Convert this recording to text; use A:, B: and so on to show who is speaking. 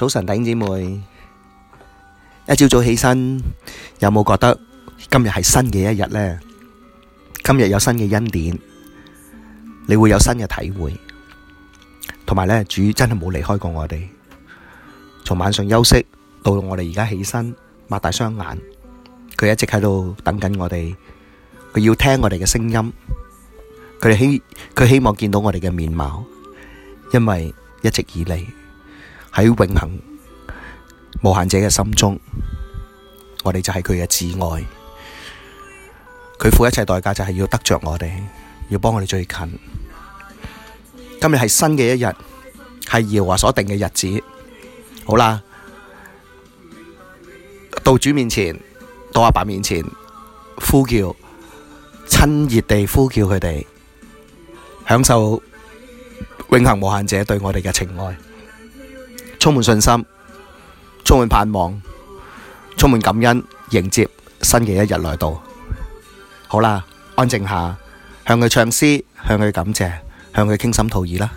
A: 早晨，頂姐妹，一朝早起身，有冇覺得今日係新嘅一日呢？今日有新嘅恩典，你會有新嘅體會，同埋咧，主真係冇離開過我哋。從晚上休息到我哋而家起身，擘大雙眼，佢一直喺度等緊我哋，佢要聽我哋嘅聲音，佢希佢希望見到我哋嘅面貌，因為一直以嚟。喺永恆無限者嘅心中，我哋就係佢嘅摯愛，佢付一切代價就係要得着我哋，要幫我哋最近。今日係新嘅一日，係耶和華所定嘅日子。好啦，到主面前，到阿爸面前呼叫，親熱地呼叫佢哋，享受永恆無限者對我哋嘅情愛。充滿信心，充滿盼望，充滿感恩，迎接新嘅一日來到。好啦，安靜下，向佢唱詩，向佢感謝，向佢傾心吐意啦。